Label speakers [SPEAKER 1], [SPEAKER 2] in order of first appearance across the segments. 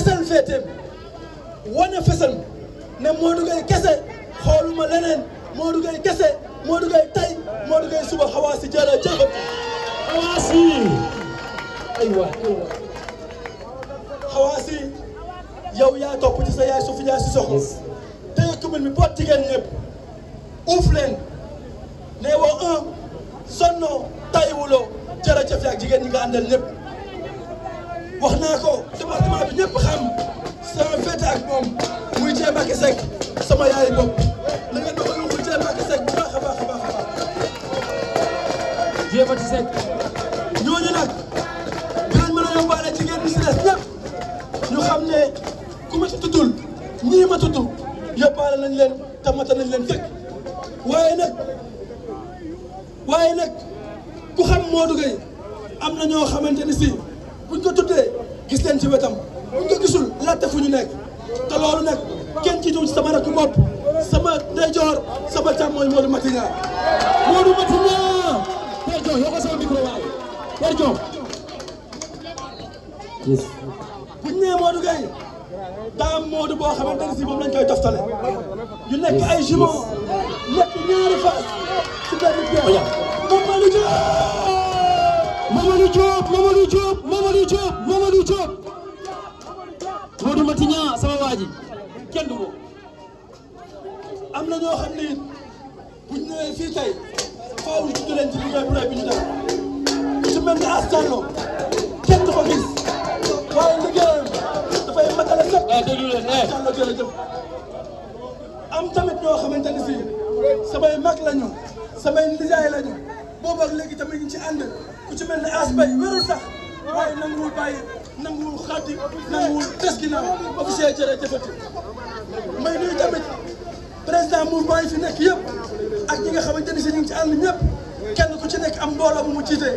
[SPEAKER 1] fësal féeteem wane fësal ne Modou Gueye kese xooluma leneen Modou Gueye kese Modou Gueye tey Modou Gueye suba xawaasi jërëjëf xawaasi aywa aywa xawaasi yow yaa topp ci sa yaay suuf yaay si soxla tey commune bi boo jigéen ñëpp uuf leen ne woo un sonno tayiwuloo jërëjëf yaa jigéen ñi nga àndal ñëpp wax naa ko département bi ñëpp xam sama fête ak moom muy Thié Mbacké sama yaay bopp la ngeen doxal muy Thié Mbacké Seck bu baax a baax a baax a baax. a yombaale jigéen ma ci tuddul ñii ma tudd yóbbaale nañ leen tamata nañ leen teg waaye nag waaye nag ku xam Modou Gueye am na ñoo xamante ni si. buñ ko tuddee gis leen ci wetam buñ gisul laajte fu ñu nekk te loolu nag kenn ci dugg ci sama rakku bopp sama ndeyjoor sama càmmooñ Modou Matinga.
[SPEAKER 2] Modou Matinga.
[SPEAKER 1] Père Diop yokkoo sama micro waaw Père Diop. buñ nee Modou Gueye daam Modou boo xamante ne si moom lañ koy toftale yu nekk ay jumeaux nekk ñaari fas ci benn biir moom Malick. Mamadou Diop Mamadou Diop Mamadou Diop Mamadou Diop Modou Matignan sama waa ji kenn du ko am na ñoo xam ne it bu ñu ñëwee fii tey faaw ñu tudd leen ci liggéey bu rëy bi ñu def su mel ni As Diallo kenn du ko gis waaye liggéeyam dafay matala lépp. waaw eh, déglu leen eh As Diallo jërëjëf am tamit ñoo xamante ne fii samay mag lañu samay nijaay lañu boobu ak léegi tamit ñu ci ànd. ku ci mel ne as mbay wérul sax waaye nanguwul bàyyi nanguwul xaddi nanguwul des ginnaaw officier jërëjëfati mbay nuyu tamit président mouvement yi fi nekk yëpp ak ñi nga xamante ni si ñu ngi ci na ñëpp kenn ku ci nekk am mbooloo bu mu jiitee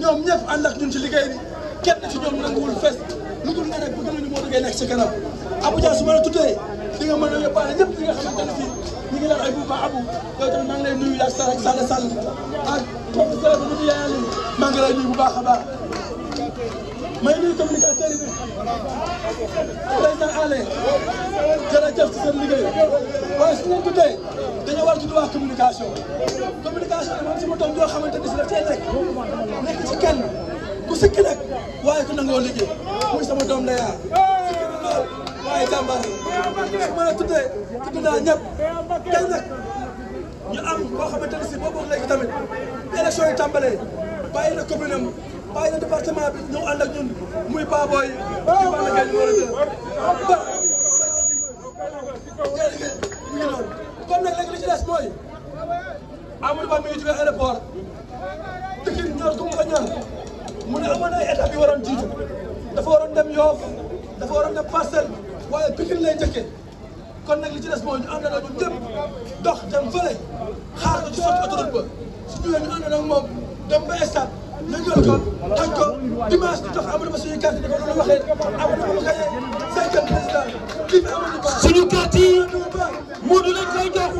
[SPEAKER 1] ñoom ñëpp ànd ak ñun ci liggéey bi kenn ci ñoom nanguwul fes lu dul ne rek bëgg nañu moo nekk ci kanam Abuja su ma la tuddee di nga mën a yóbbaale ñëpp ñi nga xamante ne fii ñu ngi daan ay abu yow tamit nuyu ak sa ak Sall Sall ak kooku Sall bu ñu yaayal maa ngi lay nuyu bu baax a ma
[SPEAKER 2] may nuyu communicateur yi
[SPEAKER 1] président Allé jërëjëf ci seen liggéey waaye su ñu guddee dañoo a tudd wax si ma doom joo xamante ne si daf cee nekk nekk ci kenn ku sikki nag waaye ku nangoo liggéey muy sama doom la yaa sikki waaye jàmbaar su ma la tuddee tudd naa ñëpp tey nag ñu am koo xamante ne si boobu wax léegi tamit élection yi tàmbalee bàyyi na commune am bàyyi na département bi ñëw ànd ak ñun muy Baboy di Balla Gaye numéro 2 ba jërëjëf
[SPEAKER 2] ñu ngi noonu kon nag léegi li ci des
[SPEAKER 1] mooy Amadou Ba mi ngi jógee aéroport Pikine ñor gu mu ko ñor mu ne amoon ay étapes yu waroon jiitu dafa waroon dem Yoff dafa waroon dem Parcelles waaye Pikine lay njëkkee kon nag li ci des mooy ñu àndandoo ñun ñëpp dox dem fële xaar ko ci sotti autoroute ba su ñëwee ñu àndandoo ak dem ba stade yëngal ko toj ko dimanche di tax Amadou Ba suñu carte yi dafa doon waxee Amadou Ba gagné cinquième président kii bi Amadou Ba suñu carte yi Modou lañ koy jox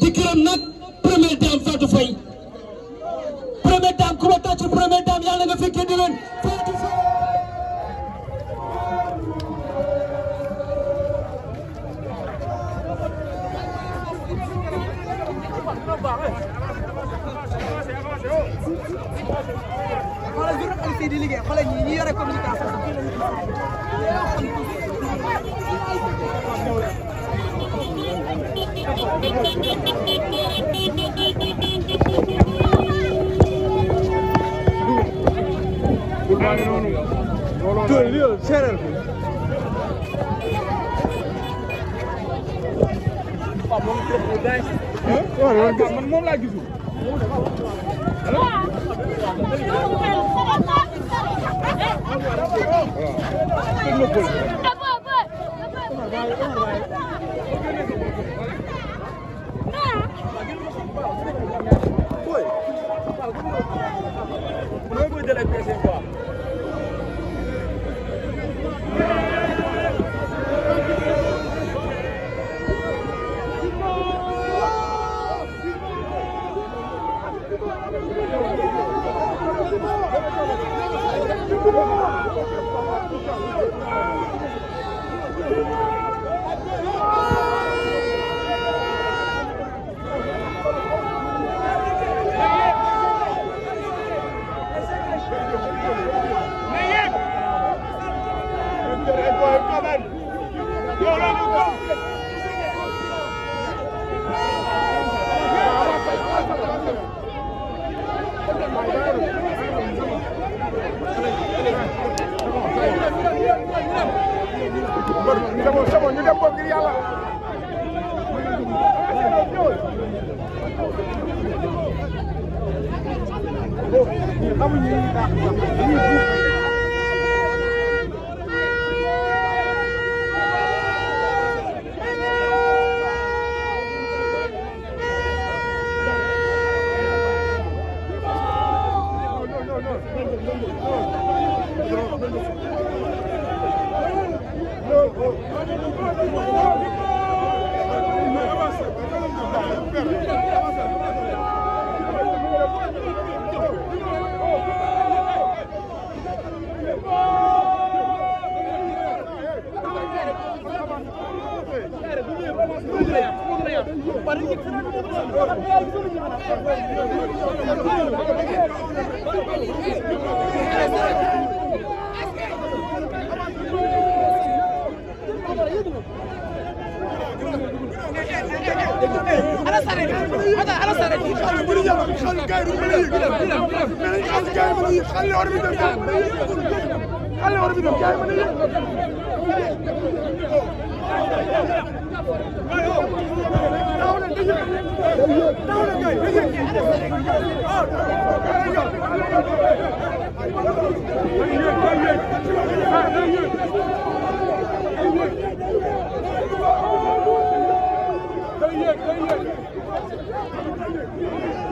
[SPEAKER 1] di gërëm nag première dame Fatou Faye première dame ku ma tàcc première dame yàlla nga fekkee di leen Fatou moom laa gisul
[SPEAKER 2] allo Foi.
[SPEAKER 1] Não vou delegar esse
[SPEAKER 2] خلوا قايروا مليك خلوا قايروا مليك خلوا أربيتهم قايروا مليك خلوا أربيتهم قايروا مليك Thank you.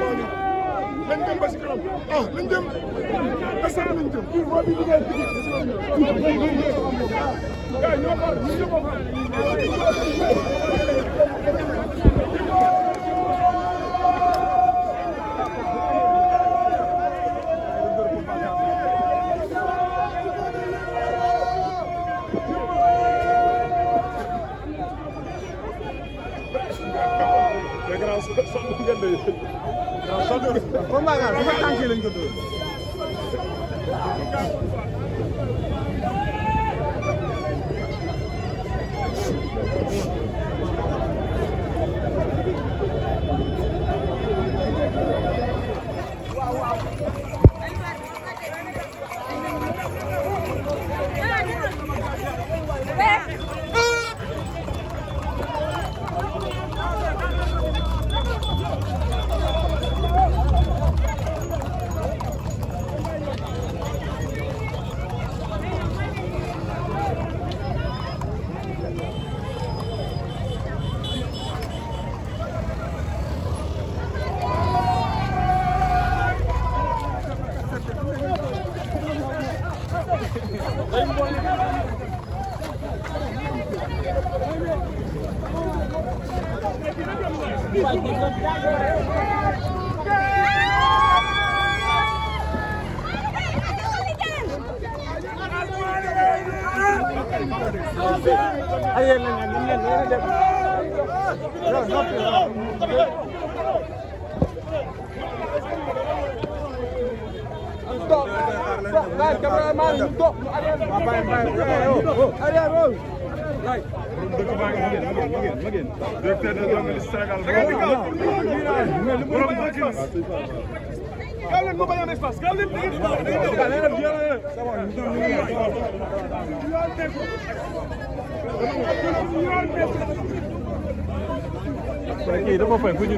[SPEAKER 2] nañ dem ba si kanam ah nañ
[SPEAKER 1] dem instant nañ dem moo bi liggéey bi gars ñoo xar ñu ñoo ko xar Gracias. combat daal bu fa tànkee lañ ko dóor kii dafa fay bu ñu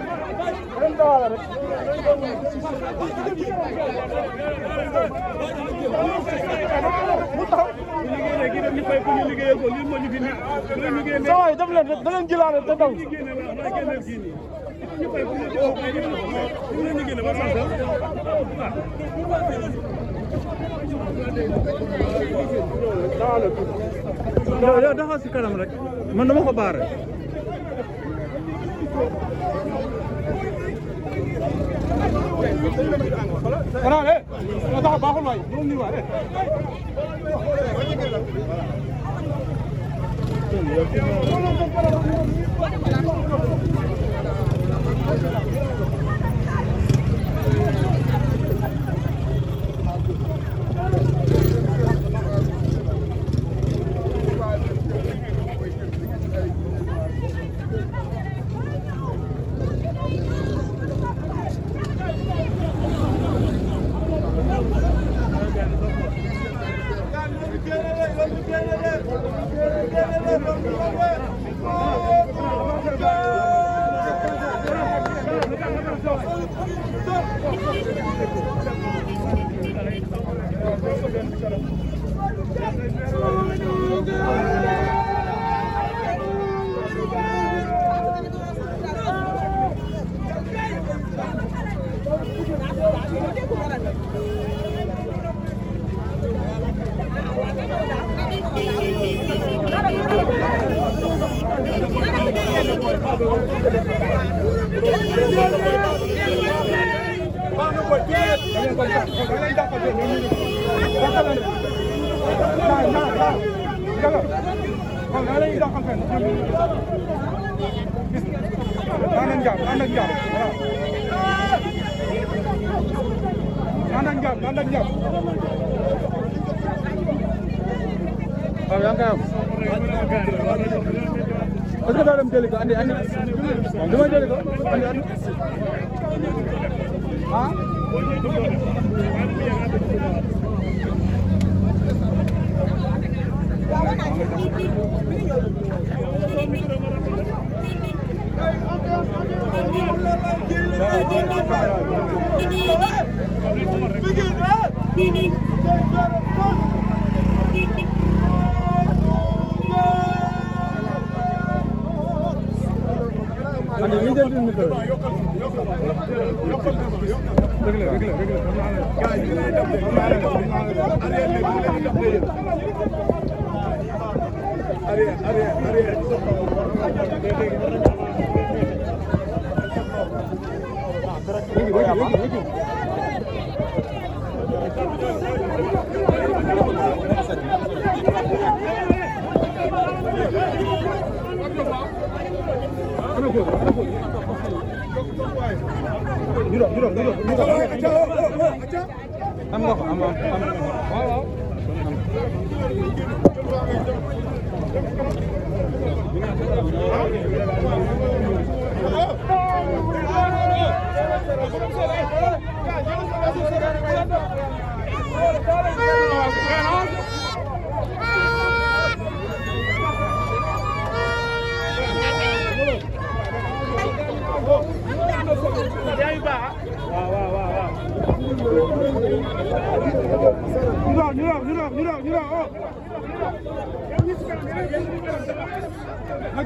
[SPEAKER 1] waaw daf leen da leen jëlaat rek te daw. yow yow dafa si kanam rek man dama ko baare. Gannaaw eh nga taxaw baaxul waay mënul nii waay eh ànd ak jàmm waaw yaa ngi koy am est-ce que doo dem jëli ko andi andi li ma jëli ko andi andi
[SPEAKER 2] ah Biggie! Hani
[SPEAKER 1] neden dinliyoruz?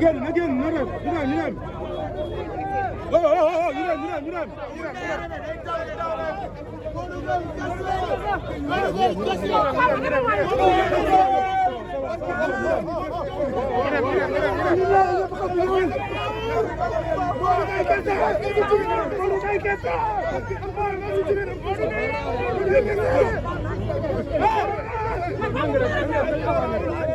[SPEAKER 1] Again, again, Nuran, Nuran, Nuran.
[SPEAKER 2] Oh,
[SPEAKER 1] oh, oh, Nuran, Nuran,
[SPEAKER 2] Nuran. Nuran.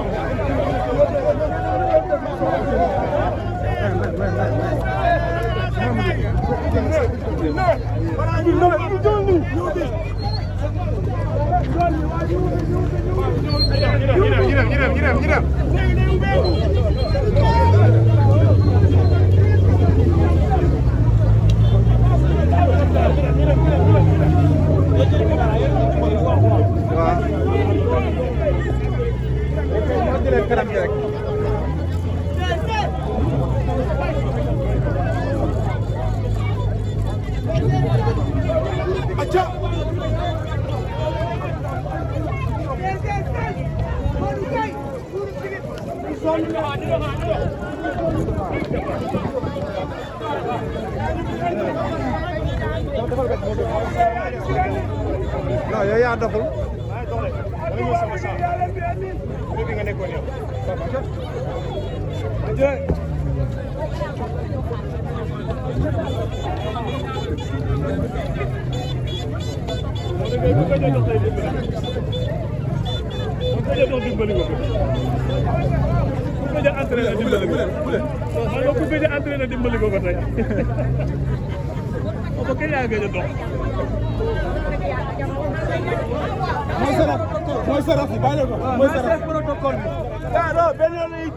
[SPEAKER 1] aquele aqui.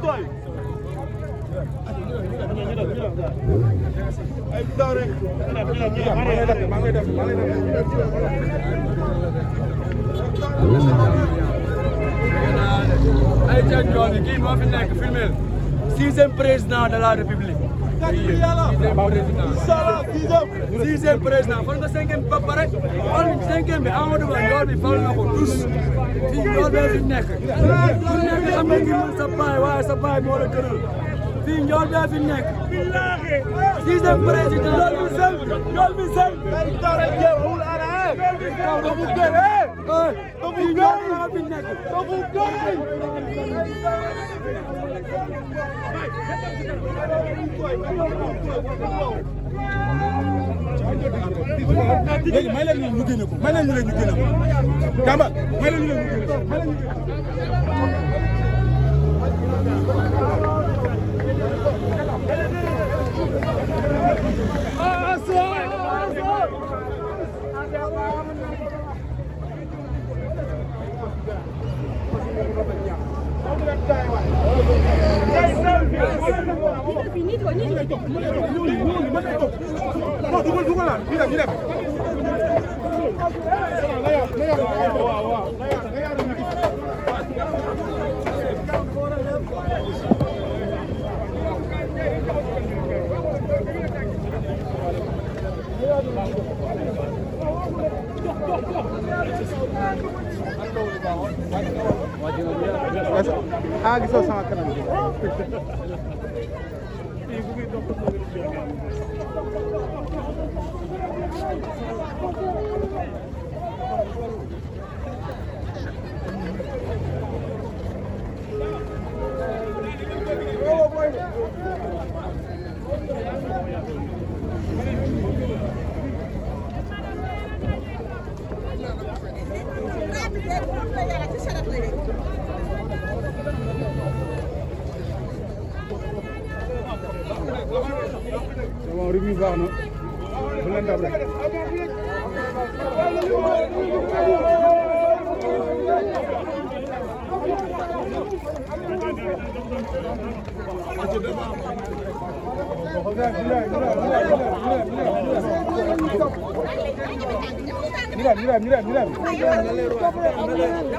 [SPEAKER 1] toy ay daw rek ma ngay def ma ngay def ay ca jooni kii moo fi nekk filmel sixième président de la république sixième président kon nga cinquième ba pare kon cinquième bi Amadou Ba yoon bi fal na ko tous Fiiñ nekk am na ngir sa baay waaye sa baay moo la gënal fii njool bee fi nekk sixième président njool bi sel njool bi sel fii njool
[SPEAKER 2] moo fi nekk Thank you.
[SPEAKER 1] léegi may leen ñu génne ko may leen ñu leen ko Kamba may leen ñu leen ko may non dugal dugalaat ñu dem ñu dem.
[SPEAKER 2] ah gisoo sama kanam bi. Waaw,
[SPEAKER 1] rugby baax na ñu dem ñu dem ñu dem.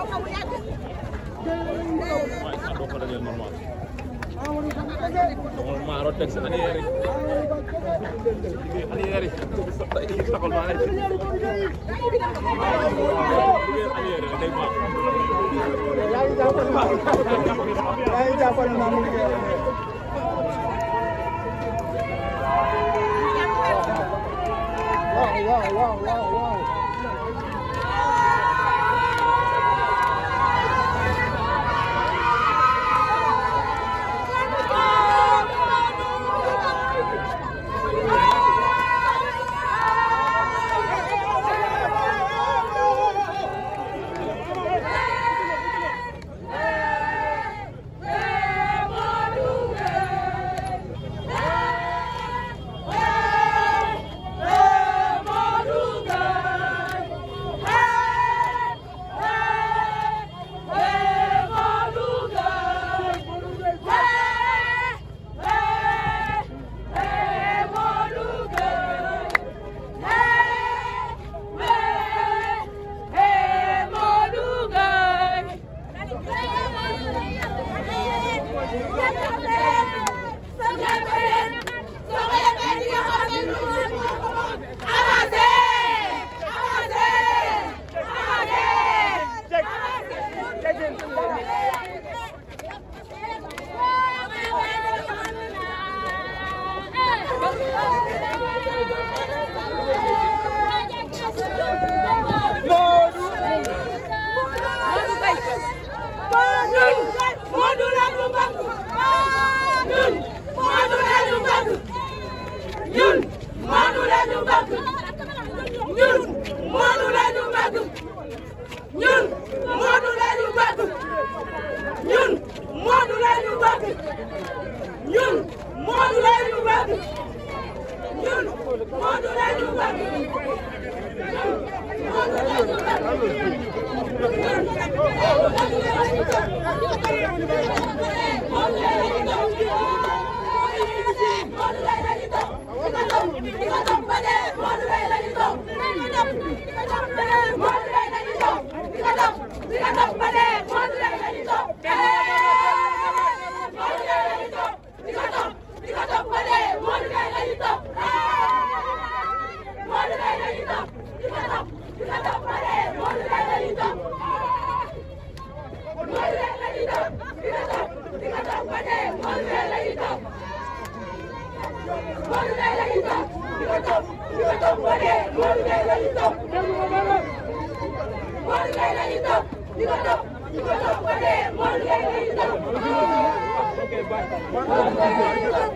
[SPEAKER 2] Vai, vai,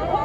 [SPEAKER 2] vai.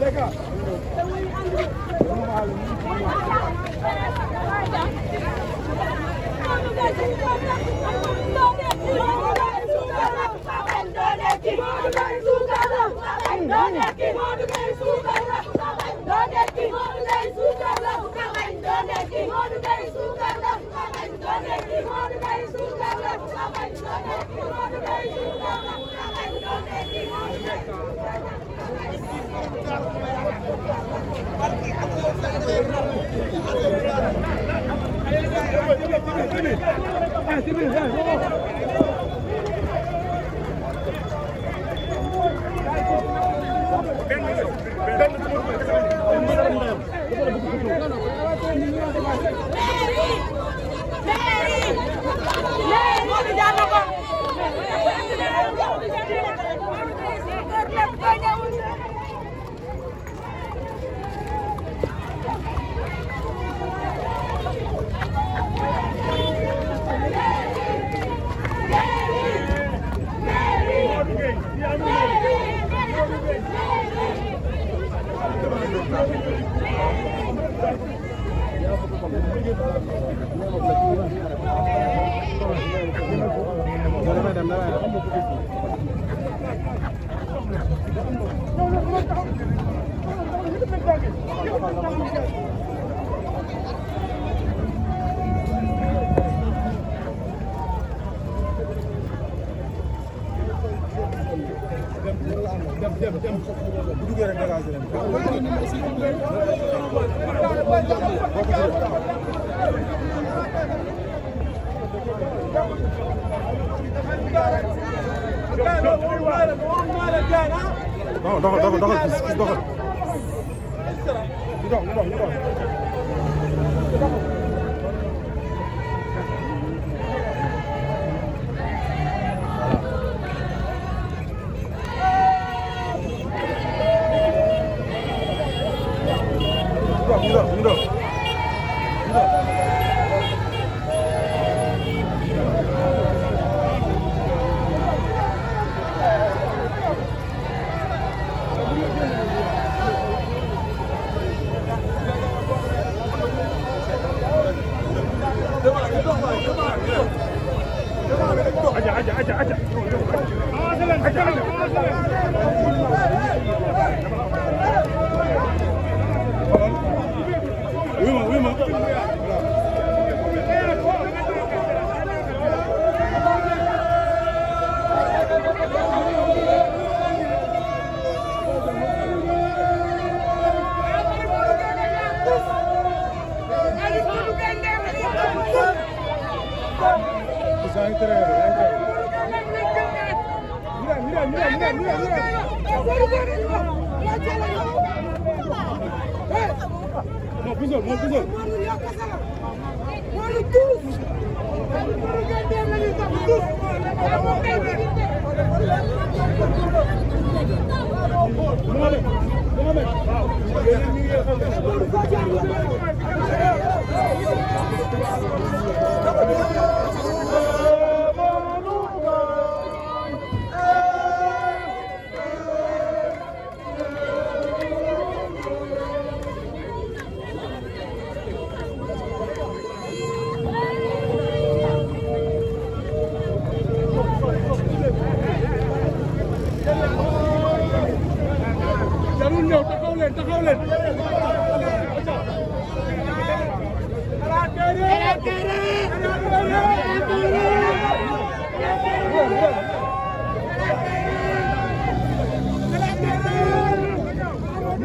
[SPEAKER 2] Take up. Mary! Thank you.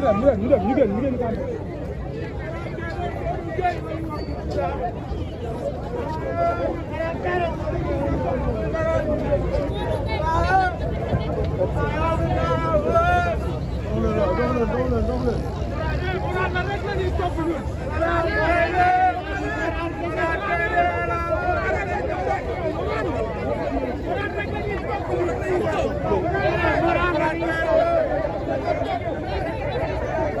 [SPEAKER 1] ñu dem ñu dem ñu dem
[SPEAKER 2] Thank you.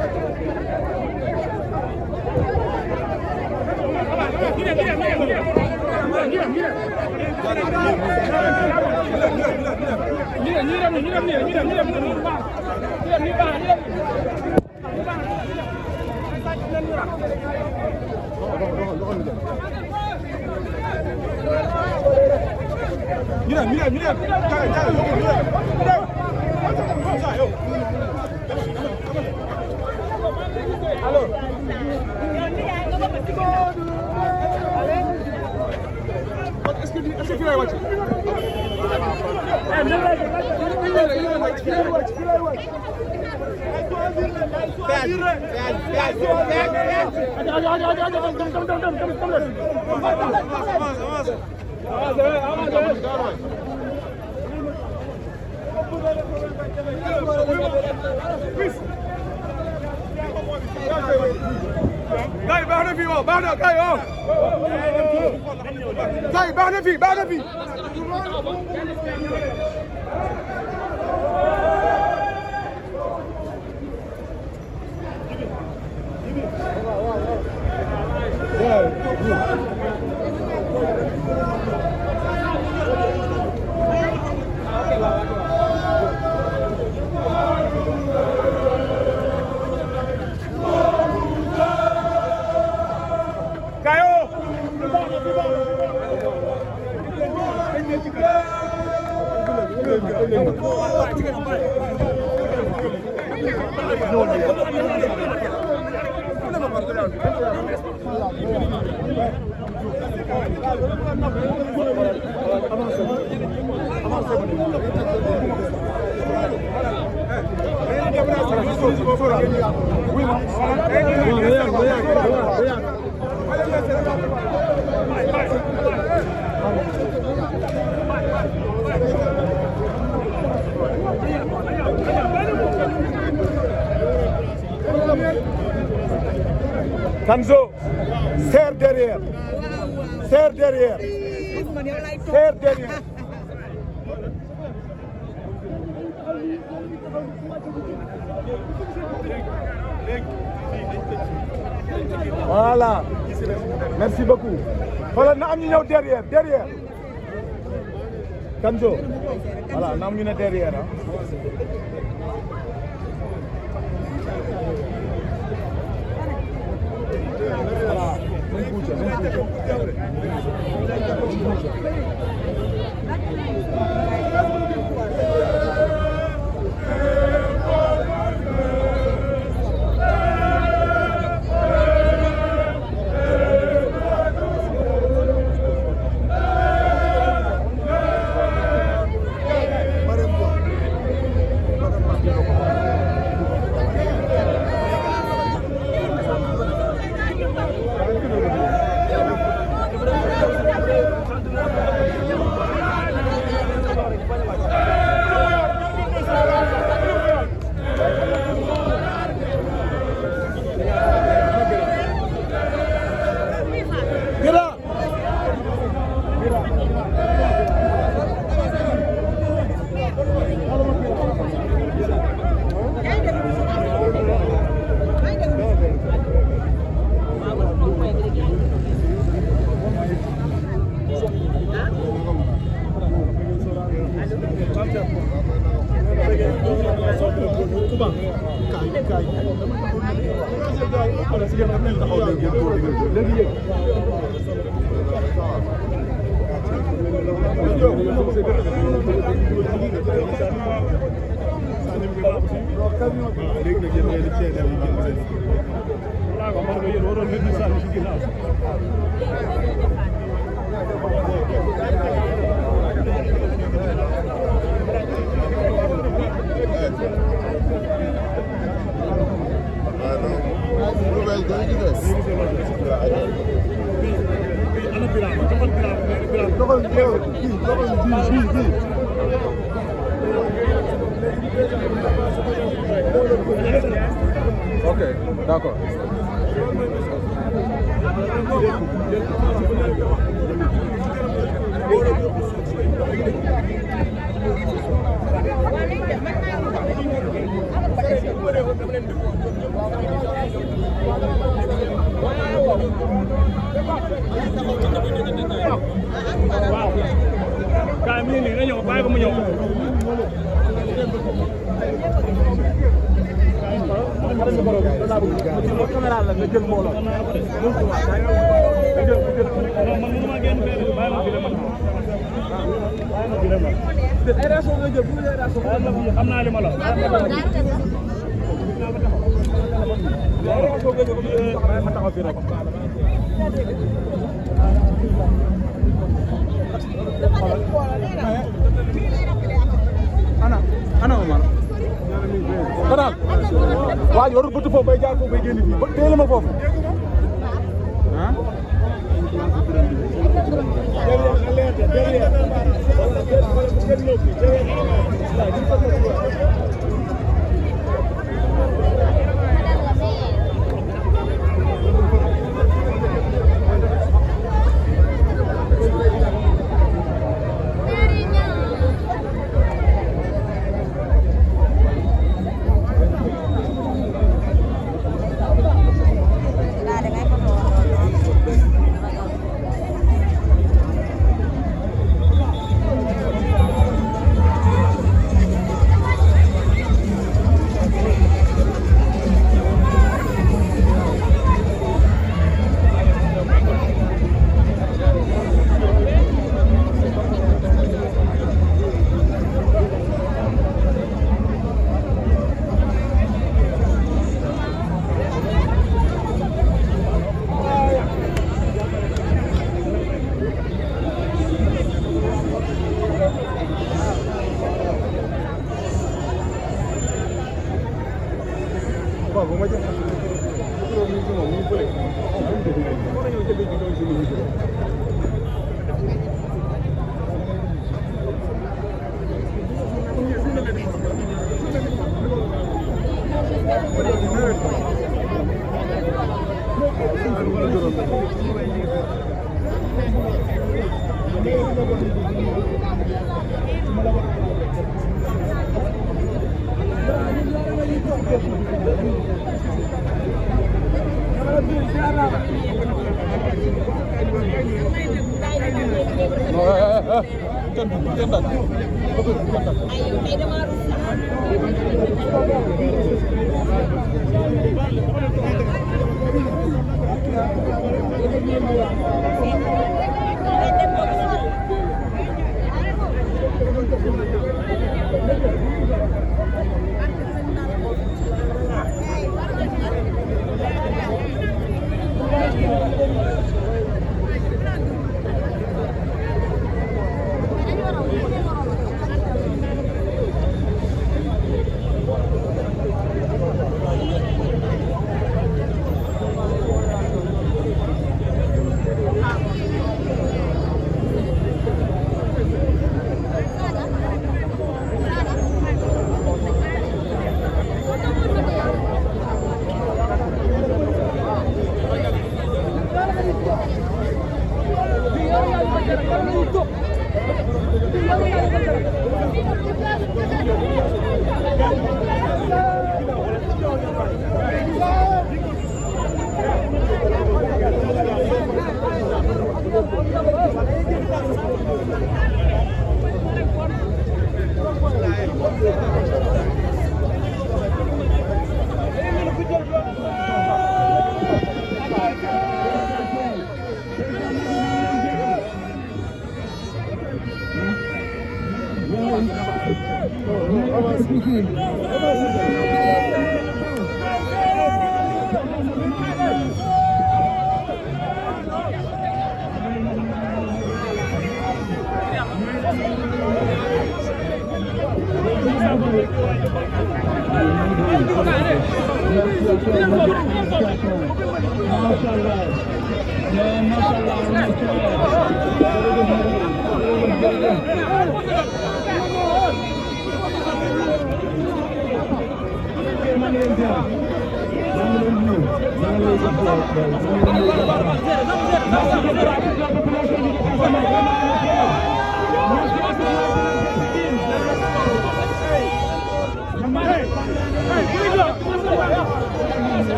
[SPEAKER 2] mira, mira, mira,
[SPEAKER 1] mira, mira, mira, mira, mira, Gaay baax na fii waaw baax na gaay waaw gaay baax na fii baax na fii
[SPEAKER 2] No, no, no.
[SPEAKER 1] Kamzo derrière. terre derrière. voilà. merci beaucoup. xoolal na am ñu ñëw derrière derrière. Kanjo na am escucha, no escucha.
[SPEAKER 2] léegi
[SPEAKER 1] nag yéen ok d'accord jël mbooloo xam naa li ma la wax waa ji warul bëtt foofu bay jaar foofu bay génn fii ba téele ma foofu ah
[SPEAKER 2] derrière derrière kenn du kenn daal.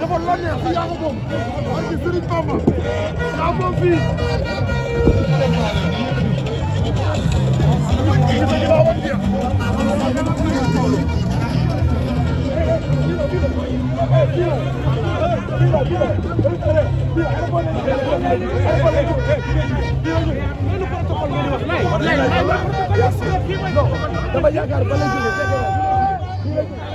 [SPEAKER 2] dafa loo neex fi yaa ko moom man ci Serigne Bamba
[SPEAKER 1] yaa moom fii
[SPEAKER 2] dama yaakaar ba lay jógee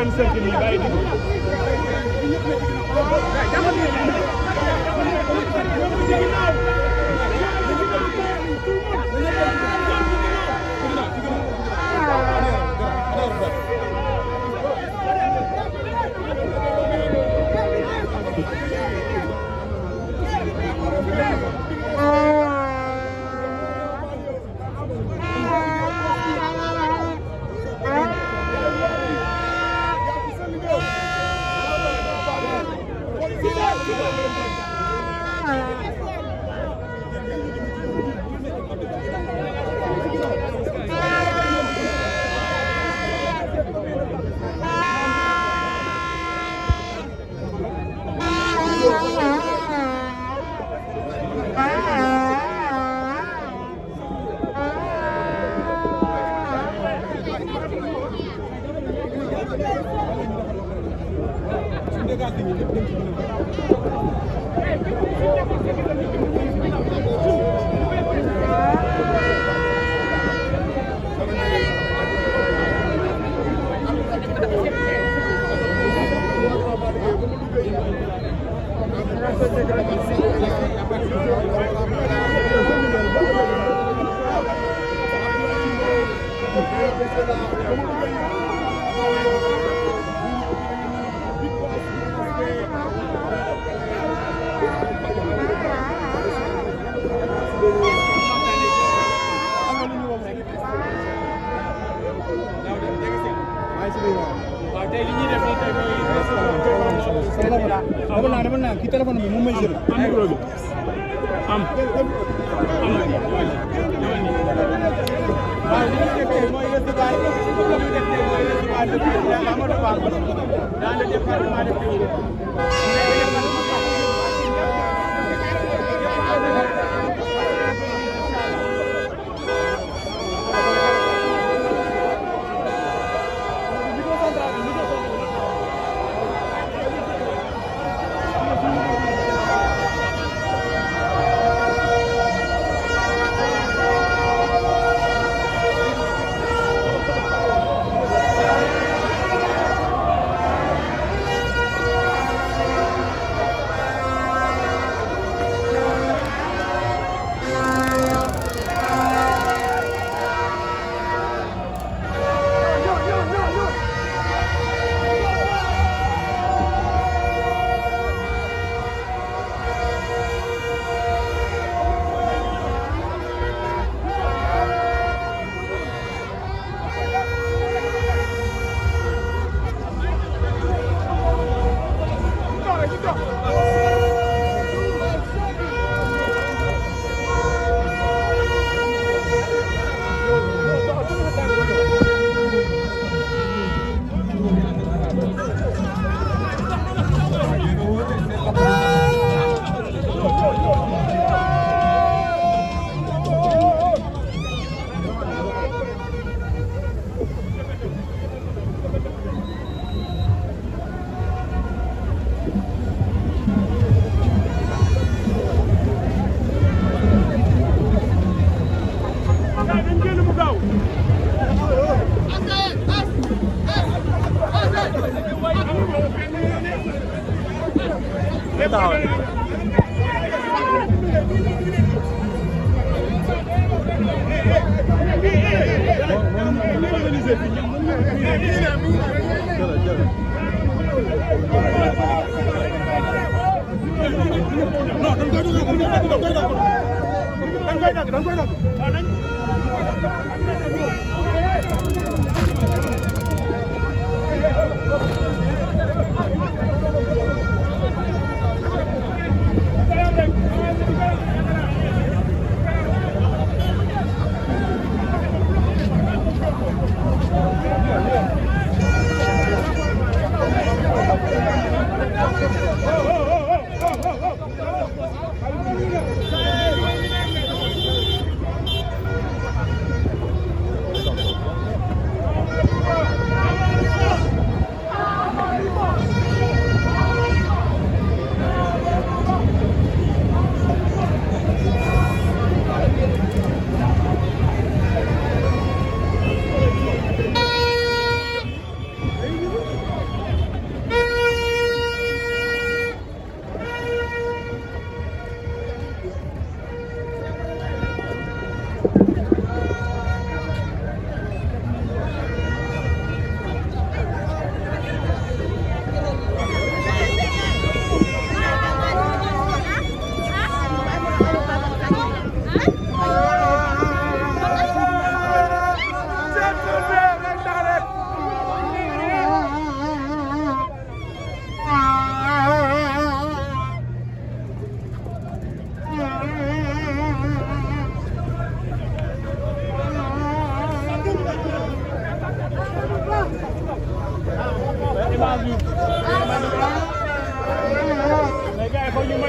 [SPEAKER 1] am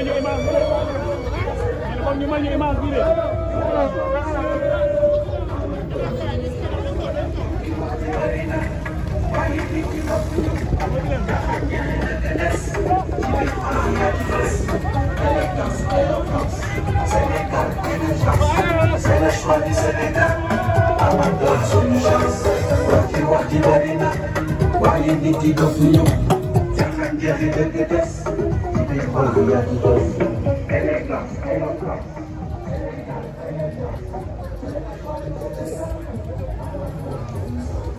[SPEAKER 1] nyuma you imam kon ñu may ñu imam bi de
[SPEAKER 2] C'est le choix du Sénégal, Thank
[SPEAKER 1] you.